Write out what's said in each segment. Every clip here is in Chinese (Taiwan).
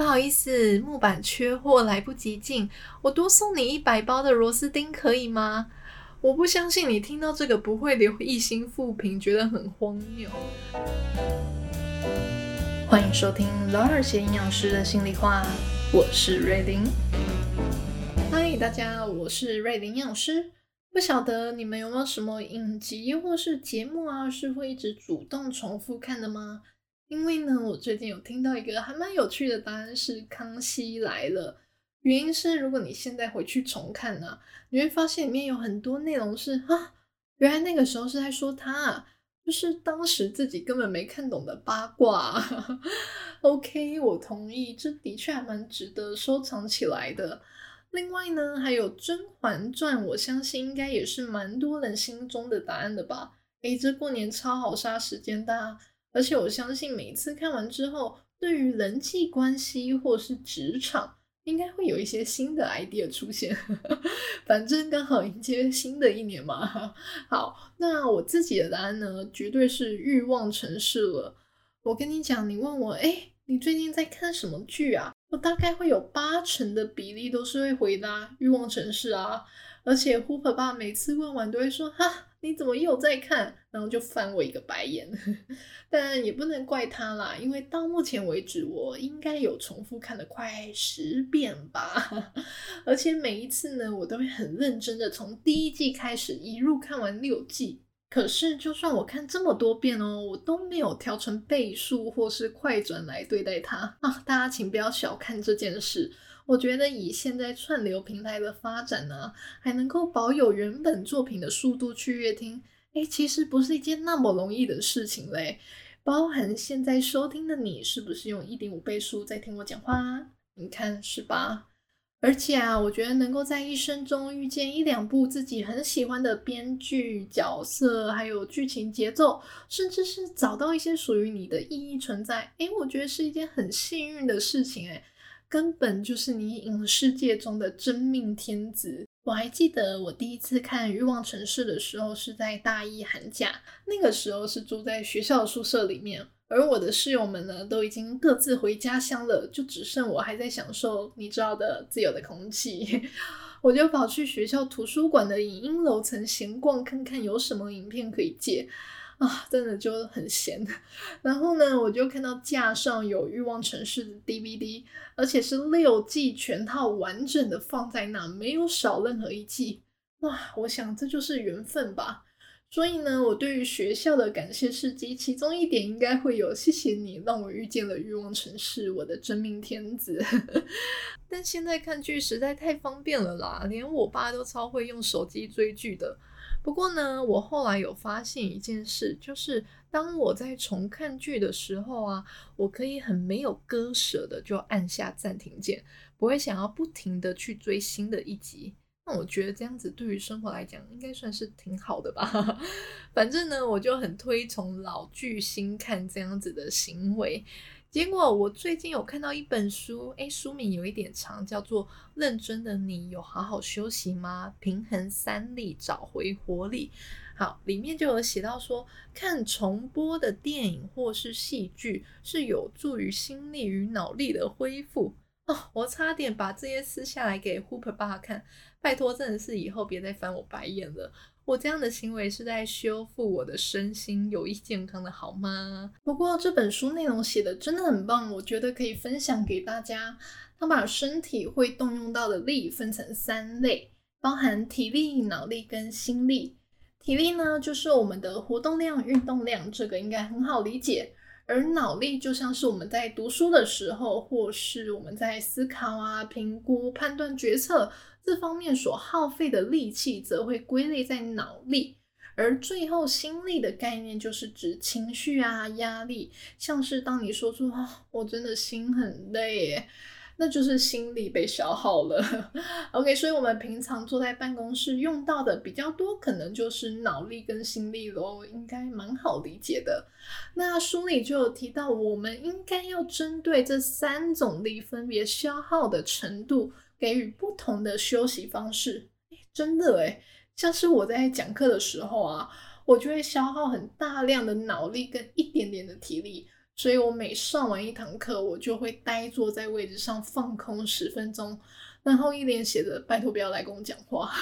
不好意思，木板缺貨，來不及進。我多送你一百包的螺絲釘，可以嗎？我不相信你聽到這個不會留一心、復評，覺得很荒謬。歡迎收聽老二寫營養師的心裡話，我是瑞玲。嗨，大家，我是瑞 n 營養師。不曉得你們有沒有什麼影集或是節目啊，是會一直主動重複看的嗎？因為呢，我最近有聽到一個還蠻有趣的答案是康熙來了。原因是，如果你現在回去重看啊，你會發現裡面有很多內容是啊，原來那個時候是在說他，就是當時自己根本沒看懂的八卦。 OK，我同意，這的確還蠻值得收藏起來的。另外呢，還有《甄嬛傳》，我相信應該也是蠻多人心中的答案的吧？哎，這過年超好殺時間大，大而且我相信，每次看完之後，對於人際關係或是職場，應該會有一些新的 idea 出現呵呵。反正剛好迎接新的一年嘛。好，那我自己的答案呢，絕對是《欲望城市》了。我跟你講，你問我，誒，你最近在看什麼劇啊？我大概會有八成的比例都是會回答《欲望城市》啊。而且 Hubba 爸每次問完都會說，哈。你怎麼又在看？然後就翻我一個白眼， 但也不能怪他啦，因為到目前為止，我應該有重複看了快十遍吧，而且每一次呢，我都會很認真的從第一季開始一路看完六季。可是，就算我看這麼多遍哦、喔，我都沒有調成倍數或是快轉來對待他。啊！大家請不要小看這件事。我覺得以現在串流平台的發展呢、啊，還能夠保有原本作品的速度去閱聽，誒、欸，其實不是一件那麼容易的事情嘞。包含現在收聽的你，是不是用一點五倍速在聽我講話？你看是吧？而且啊，我覺得能夠在一生中遇見一兩部自己很喜歡的編劇、角色，還有劇情節奏，甚至是找到一些屬於你的意義存在，誒、欸，我覺得是一件很幸運的事情、欸，誒。根本就是你影視界中的真命天子。我還記得我第一次看《欲望城市》的時候是在大一寒假，那個時候是住在學校的宿舍裡面，而我的室友們呢都已經各自回家鄉了，就只剩我還在享受你知道的自由的空氣。 我就跑去學校圖書館的影音樓層閒逛，看看有什麼影片可以借。啊，真的就很閒。然後呢，我就看到架上有《慾望城市》的 DVD，而且是六季全套完整的放在那，沒有少任何一季。哇，我想這就是緣分吧。所以呢，我對於學校的感謝事蹟，其中一點應該會有謝謝你讓我遇見了《慾望城市》，我的真命天子。 但現在看劇實在太方便了啦，連我爸都超會用手機追劇的。不過呢，我後來有發現一件事，就是當我在重看劇的時候啊，我可以很沒有割舍的就按下暫停鍵，不會想要不停的去追新的一集。那我覺得這樣子對於生活來講，應該算是挺好的吧？反正呢，我就很推崇老劇新看這樣子的行為。結果我最近有看到一本書，誒書名有一點長，叫做《認真的你，有好好休息嗎？平衡三力，找回活力》。好，裡面就有寫到說，看重播的電影或是戲劇，是有助於心力與腦力的恢復。Oh, 我差點把這些撕下來給 Hooper 爸看，拜託真的是以後別再翻我白眼了。我這樣的行為是在修復我的身心，有益健康的，好嗎？不過這本書內容寫的真的很棒，我覺得可以分享給大家。他把身體會動用到的力分成三類，包含體力、腦力跟心力。體力呢，就是我們的活動量、運動量，這個應該很好理解。而腦力就像是我們在讀書的時候，或是我們在思考啊、評估、判斷、決策這方面所耗費的力氣，則會歸類在腦力。而最後心力的概念，就是指情緒啊、壓力，像是當你說出：哦，“我真的心很累”耶。那就是心力被消耗了，OK，所以，我們平常坐在辦公室用到的比較多，可能就是腦力跟心力了，應該蠻好理解的。那書裡就有提到，我們應該要針對這三種力分別消耗的程度，給予不同的休息方式。真的誒，像是我在講課的時候啊，我就會消耗很大量的腦力跟一點點的體力。所以，我每上完一堂課，我就會呆坐在位置上放空十分鐘，然後一臉寫着“拜託，不要來跟我講話。”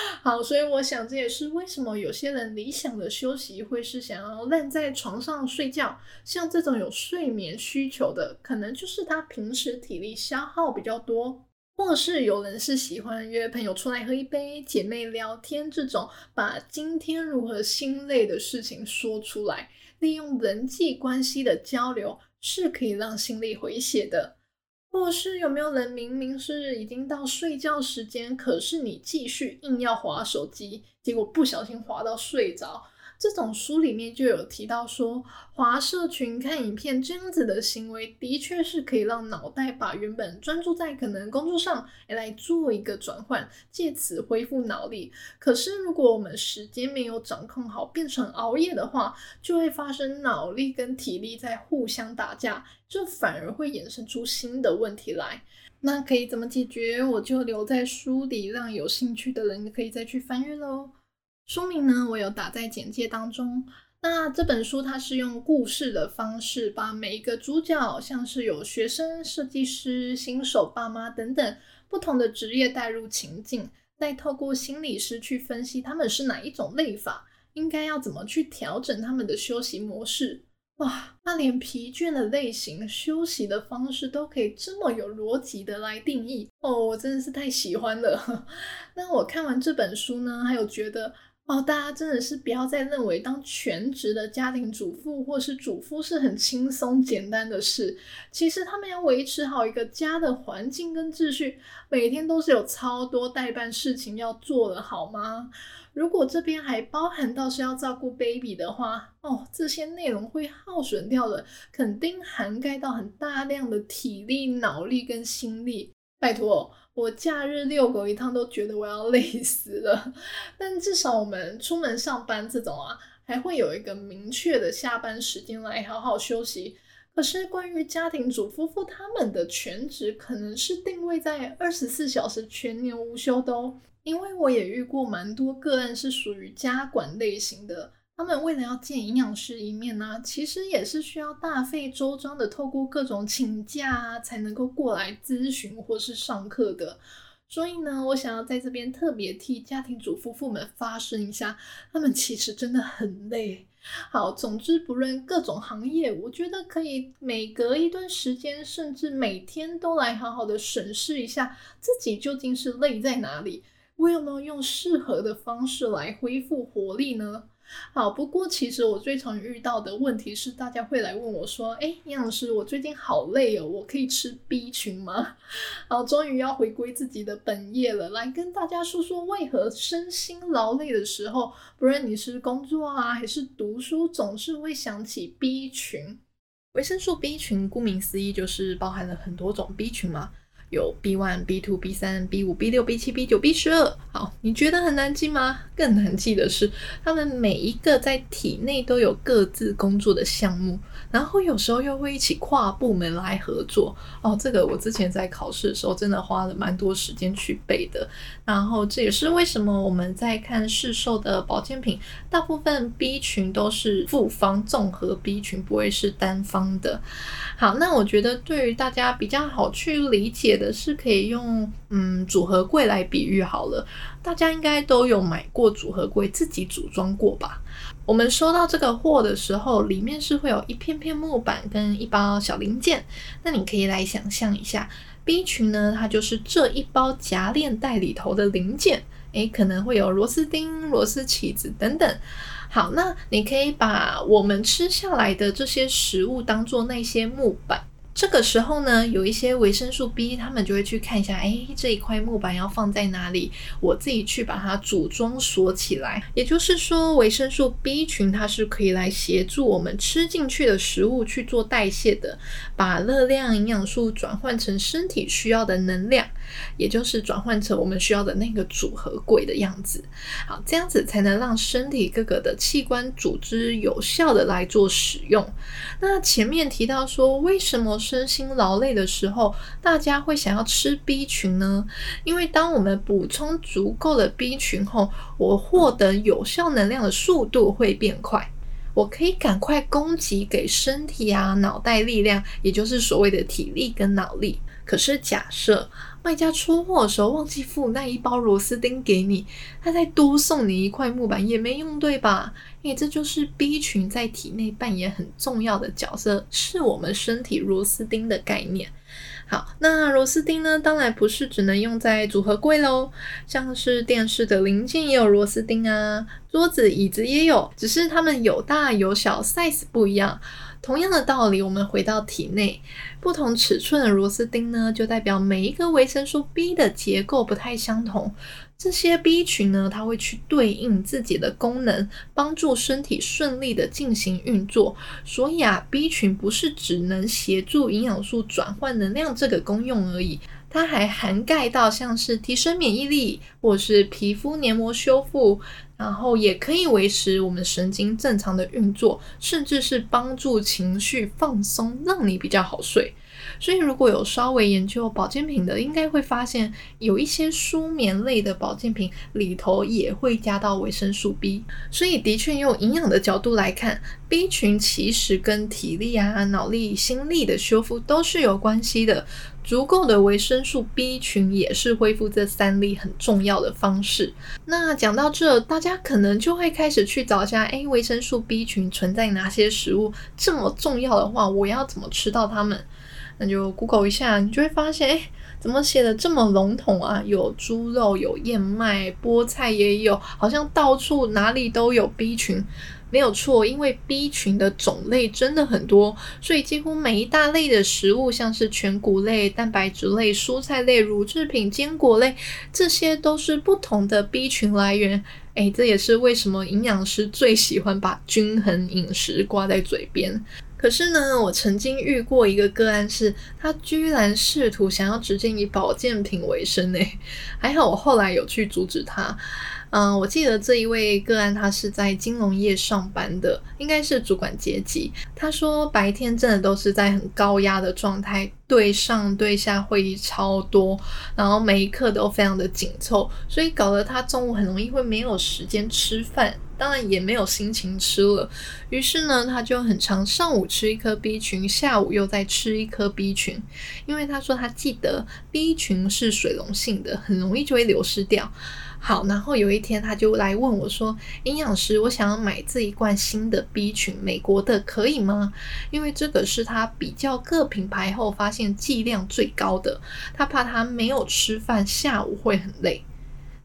好，所以我想，這也是為什麼有些人理想的休息會是想要爛在床上睡覺。像這種有睡眠需求的，可能就是他平時體力消耗比較多，或是有人是喜歡約朋友出來喝一杯、姐妹聊天，這種把今天如何心累的事情說出來。利用人際關係的交流是可以讓心力回血的。或是有沒有人明明是已經到睡覺時間，可是你繼續硬要滑手機，結果不小心滑到睡着？這種書裡面就有提到說，滑社群看影片這樣子的行為，的確是可以讓腦袋把原本專注在可能工作上，來做一個轉換，借此恢復腦力。可是如果我們時間沒有掌控好，變成熬夜的話，就會發生腦力跟體力在互相打架，這反而會衍生出新的問題來。那可以怎麼解決？我就留在書裡，讓有興趣的人可以再去翻閱嘍。書名呢，我有打在簡介當中。那這本書它是用故事的方式，把每一個主角，像是有學生、設計師、新手爸媽等等不同的職業帶入情境，再透過心理師去分析他們是哪一種累法，應該要怎麼去調整他們的休息模式。哇，那連疲倦的類型、休息的方式都可以這麼有邏輯的來定義哦，我真的是太喜歡了。 那我看完這本書呢，還有覺得。哦，大家真的是不要再認為當全職的家庭主婦或是主夫是很輕鬆簡單的事，其實他們要維持好一個家的環境跟秩序，每天都是有超多待辦事情要做的，好嗎？如果這邊還包含到是要照顧 baby 的話，哦，這些內容會耗損掉的，肯定涵蓋到很大量的體力、腦力跟心力，拜託。我假日遛狗一趟都覺得我要累死了，但至少我們出門上班這種啊，還會有一個明確的下班時間來好好休息。可是關於家庭主夫婦他們的全職，可能是定位在二十四小時全年無休的哦，因為我也遇過蠻多個案是屬於家管類型的。他們為了要見營養師一面呢、啊，其實也是需要大費周章的，透過各種請假啊，才能夠過來諮詢或是上課的。所以呢，我想要在這邊特別替家庭主婦們發聲一下，他們其實真的很累。好，總之不論各種行業，我覺得可以每隔一段時間，甚至每天都來好好的審視一下自己究竟是累在哪裡，我有沒有用適合的方式來恢復活力呢？好，不過其實我最常遇到的問題是，大家會來問我說：“哎、欸，營養師，我最近好累哦，我可以吃 B 群嗎？”好，終於要回歸自己的本業了，來跟大家說說為何身心勞累的時候，不論你是工作啊還是讀書，總是會想起 B 群。維生素 B 群，顧名思義就是包含了很多種 B 群嘛。有 B one B two B 三 B 五 B 六 B 七 B 九 B 十二，好，你覺得很難記嗎？更難記的是，他們每一個在體內都有各自工作的項目，然後有時候又會一起跨部門來合作。哦，這個我之前在考試的時候真的花了蠻多時間去背的。然後這也是為什麼我們在看市售的保健品，大部分 B 群都是複方綜合 B 群，不會是單方的。好，那我覺得對於大家比較好去理解的。是可以用嗯，組合櫃來比喻好了，大家應該都有買過組合櫃，自己組裝過吧？我們收到這個貨的時候，裡面是會有一片片木板跟一包小零件。那你可以來想象一下，B 群呢，它就是這一包夾鏈袋裡頭的零件，誒，可能會有螺絲釘、螺絲起子等等。好，那你可以把我們吃下來的這些食物當做那些木板。這個時候呢，有一些維生素 B，他們就會去看一下，哎，這一塊木板要放在哪裡，我自己去把它組裝鎖起來。也就是說，維生素 B 群它是可以來協助我們吃進去的食物去做代謝的，把熱量、營養素轉換成身體需要的能量。也就是轉換成我們需要的那個組合櫃的樣子，好，這樣子才能讓身體各個的器官組織有效的來做使用。那前面提到說，為什麼身心勞累的時候，大家會想要吃 B 群呢？因為當我們補充足夠的 B 群後，我獲得有效能量的速度會變快，我可以趕快供給給身體啊、腦袋力量，也就是所謂的體力跟腦力。可是假設賣家出貨的時候忘記付那一包螺絲釘給你，他再多送你一塊木板也沒用，對吧？因為、欸、這就是 B 群在體內扮演很重要的角色，是我們身體螺絲釘的概念。好，那螺絲釘呢？當然不是只能用在組合櫃嘍，像是電視的零件也有螺絲釘啊，桌子、椅子也有，只是它們有大有小，size 不一樣。同樣的道理，我們回到體內，不同尺寸的螺絲釘呢，就代表每一個維生素 B 的結構不太相同。這些 B 群呢，它會去對應自己的功能，幫助身體順利的進行運作。所以啊，B 群不是只能協助營養素轉換能量這個功用而已。它還涵蓋到像是提升免疫力，或是皮膚黏膜修復，然後也可以維持我們神經正常的運作，甚至是幫助情緒放鬆，讓你比較好睡。所以，如果有稍微研究保健品的，應該會發現有一些舒眠類的保健品裡頭也會加到維生素 B。所以，的確用營養的角度來看，B 群其實跟體力啊、腦力、心力的修復都是有關係的。足夠的維生素 B 群也是恢復這三力很重要的方式。那講到這，大家可能就會開始去找一下，誒，維生素 B 群存在哪些食物？這麼重要的話，我要怎麼吃到它們？那就 Google 一下，你就會發現，誒，怎麼寫得這麼籠統啊？有豬肉，有燕麥，菠菜也有，好像到處哪裡都有 B 群。沒有錯，因為 B 群的種類真的很多，所以幾乎每一大類的食物，像是全穀類、蛋白質類、蔬菜類、乳製品、堅果類，這些都是不同的 B 群來源。誒，這也是為什麼營養師最喜歡把均衡飲食掛在嘴邊。可是呢，我曾經遇過一個個案是，是他居然試圖想要直接以保健品為生，欸。誒，還好我後來有去阻止他。嗯，我記得這一位個案，他是在金融業上班的，應該是主管階級。他說白天真的都是在很高壓的狀態，對上對下會議超多，然後每一刻都非常的緊湊，所以搞得他中午很容易會沒有時間吃飯，當然也沒有心情吃了，於是呢，他就很常上午吃一顆 B 群，下午又再吃一顆 B 群，因為他說他記得 B 群是水溶性的，很容易就會流失掉。好，然後有一天他就來問我說，營養師，我想要買這一罐新的 B 群，美國的可以嗎？因為這個是他比較各品牌後發現劑量最高的，他怕他沒有吃飯，下午會很累。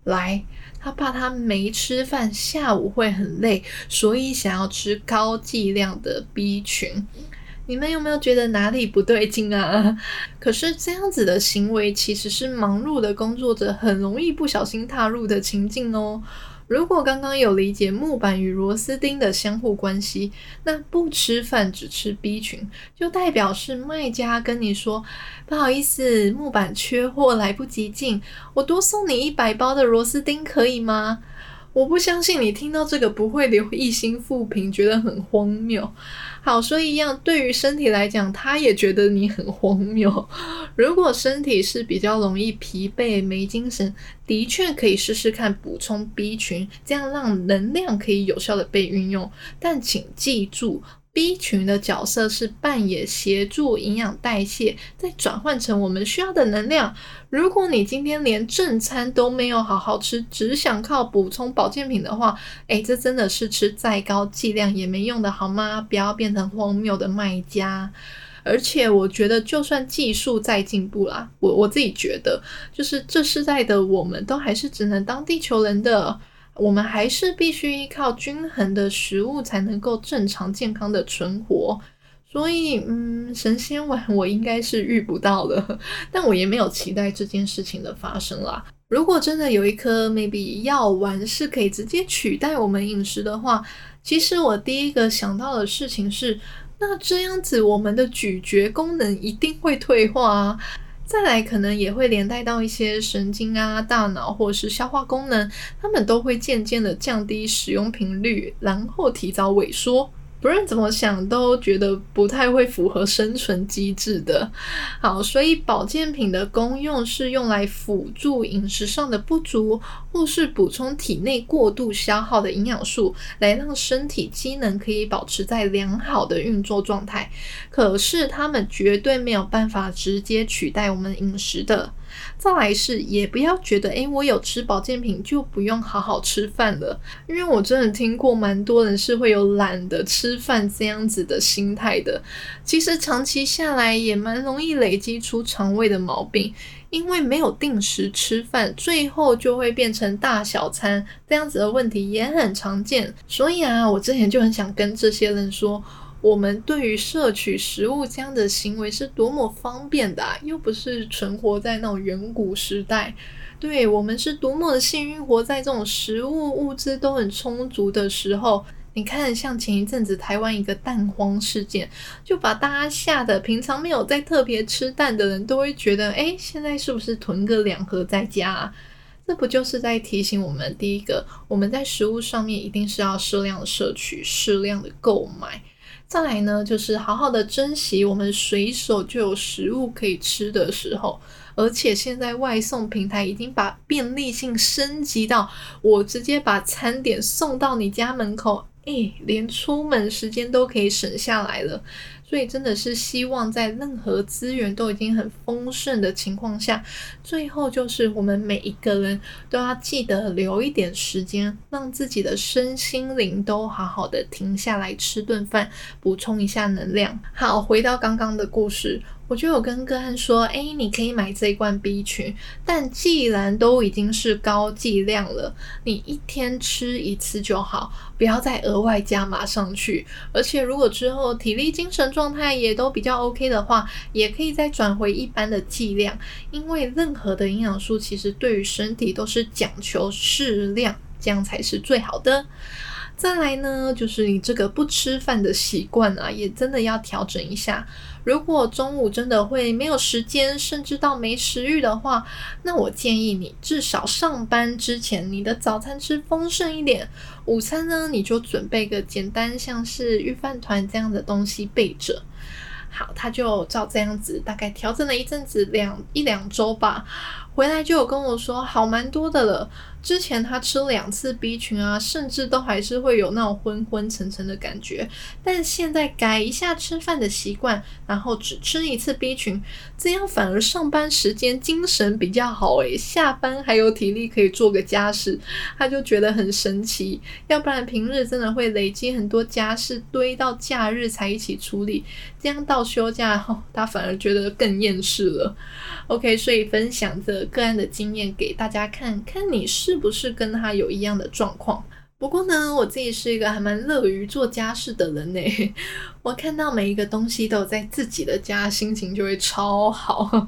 來。他怕他沒吃飯，下午會很累，所以想要吃高劑量的 B 群。你們有沒有覺得哪裡不對勁啊？可是這樣子的行為其實是忙碌的工作者很容易不小心踏入的情境哦。如果剛剛有理解木板與螺絲釘的相互關係，那不吃飯只吃 B 群，就代表是賣家跟你說，不好意思，木板缺貨，來不及進，我多送你一百包的螺絲釘，可以嗎？我不相信你聽到這個不會留一星負評，覺得很荒謬。好，所以一樣，對於身體來講，他也覺得你很荒謬。如果身體是比較容易疲憊、沒精神，的確可以試試看補充 B 群，這樣讓能量可以有效地被運用。但請記住。B 群的角色是扮演協助營養代謝，再轉換成我們需要的能量。如果你今天連正餐都沒有好好吃，只想靠補充保健品的話，哎,這真的是吃再高劑量也沒用的，好嗎？不要變成荒謬的賣家。而且我覺得，就算技術再進步啦，我我自己覺得，就是這世代的我們都還是只能當地球人的。我們還是必須依靠均衡的食物才能夠正常健康的存活，所以，嗯，神仙丸我應該是遇不到了，但我也沒有期待這件事情的發生啦。如果真的有一顆 maybe 藥丸是可以直接取代我們飲食的話，其實我第一個想到的事情是，那這樣子我們的咀嚼功能一定會退化啊。再來，可能也會連帶到一些神經啊、大腦或是消化功能，它們都會漸漸的降低使用頻率，然後提早萎縮。不論怎麼想，都覺得不太會符合生存機制的。好，所以保健品的功用是用來輔助飲食上的不足，或是補充體內過度消耗的營養素，來讓身體機能可以保持在良好的運作狀態。可是，他們絕對沒有辦法直接取代我們飲食的。再來是，也不要覺得，誒、欸，我有吃保健品就不用好好吃飯了，因為我真的聽過蠻多人是會有懶得吃飯這樣子的心態的。其實長期下來也蠻容易累積出腸胃的毛病，因為沒有定時吃飯，最後就會變成大小餐這樣子的問題也很常見。所以啊，我之前就很想跟這些人說。我們對於攝取食物這樣的行為是多麼方便的啊，又不是存活在那種遠古時代，對我們是多麼的幸運，活在這種食物物資都很充足的時候。你看，像前一陣子台灣一個蛋荒事件，就把大家嚇得，平常沒有在特別吃蛋的人都會覺得，哎，現在是不是囤個兩盒在家啊？這不就是在提醒我們，第一個，我們在食物上面一定是要適量的攝取，適量的購買。再來呢，就是好好的珍惜我們隨手就有食物可以吃的時候，而且現在外送平台已經把便利性升級到，我直接把餐點送到你家門口，誒、欸，連出門時間都可以省下來了。所以真的是希望在任何資源都已經很豐盛的情況下，最後就是我們每一個人都要記得留一點時間，讓自己的身心靈都好好的停下來吃頓飯，補充一下能量。好，回到剛剛的故事。我就有跟哥恩說，哎、欸，你可以買這一罐 B 群，但既然都已經是高劑量了，你一天吃一次就好，不要再額外加碼上去。而且如果之後體力、精神狀態也都比較 OK 的話，也可以再轉回一般的劑量，因為任何的營養素其實對於身體都是講求適量，這樣才是最好的。再來呢，就是你這個不吃飯的習慣啊，也真的要調整一下。如果中午真的會沒有時間，甚至到沒食欲的話，那我建議你至少上班之前，你的早餐吃豐盛一點。午餐呢，你就準備個簡單，像是御飯糰這樣的東西備着。好，他就照這樣子大概調整了一陣子，兩一兩週吧，回來就有跟我說，好蠻多的了。之前他吃兩次 B 群啊，甚至都還是會有那種昏昏沉沉的感覺。但現在改一下吃飯的習慣，然後只吃一次 B 群，這樣反而上班時間精神比較好哎，下班還有體力可以做個家事，他就覺得很神奇。要不然平日真的會累積很多家事堆到假日才一起處理，這樣到休假後，哦，他反而覺得更厭世了。OK，所以分享這個案的經驗給大家看看，你是？不是跟他有一樣的狀況，不過呢，我自己是一個還蠻樂於做家事的人呢。我看到每一個東西都在自己的家，心情就會超好。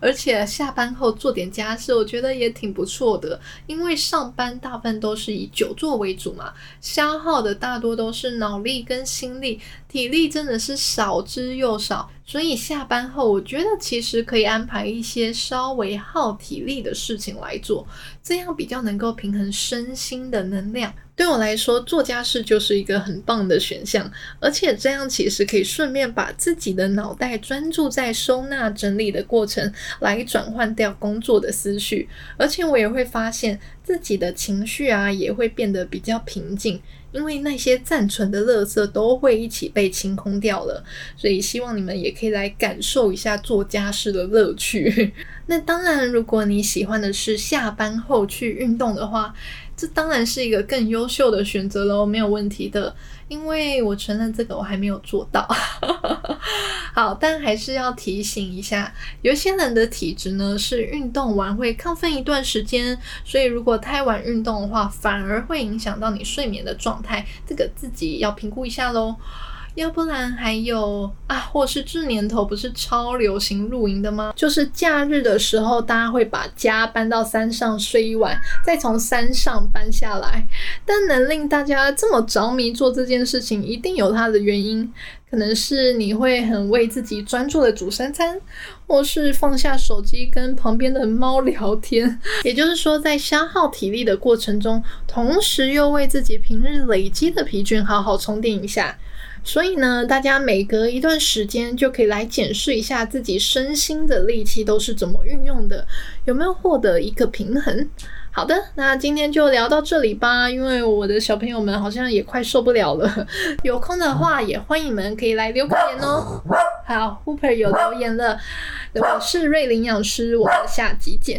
而且下班後做點家事，我覺得也挺不錯的。因為上班大部分都是以久坐為主嘛，消耗的大多都是腦力跟心力，體力真的是少之又少。所以下班後，我覺得其實可以安排一些稍微耗體力的事情來做，這樣比較能夠平衡身心的能量。對我來說，做家事就是一個很棒的選項，而且這樣其實可以順便把自己的腦袋專注在收納整理的過程，來轉換掉工作的思緒。而且我也會發現自己的情緒啊，也會變得比較平靜。因為那些暫存的垃圾都會一起被清空掉了，所以希望你們也可以來感受一下做家事的樂趣。那當然，如果你喜歡的是下班後去運動的話，這當然是一個更優秀的選擇嘍，沒有問題的。因為我承認這個我還沒有做到。 好，但還是要提醒一下，有些人的體質呢是運動完會亢奮一段時間，所以如果太晚運動的話，反而會影響到你睡眠的狀態，這個自己要評估一下嘍。要不然還有啊，或是這年頭不是超流行露營的嗎？就是假日的時候，大家會把家搬到山上睡一晚，再從山上搬下來。但能令大家這麼着迷做這件事情，一定有它的原因。可能是你會很為自己專注的煮三餐，或是放下手機跟旁邊的貓聊天。 也就是說，在消耗體力的過程中，同時又為自己平日累積的疲倦好好充電一下。所以呢，大家每隔一段時間就可以來檢視一下自己身心的力氣都是怎麼運用的，有沒有獲得一個平衡？好的，那今天就聊到這裡吧，因為我的小朋友們好像也快受不了了。有空的話，也歡迎你們可以來留個言哦。好，Hooper 有留言了，我是瑞林老師，我們下集見。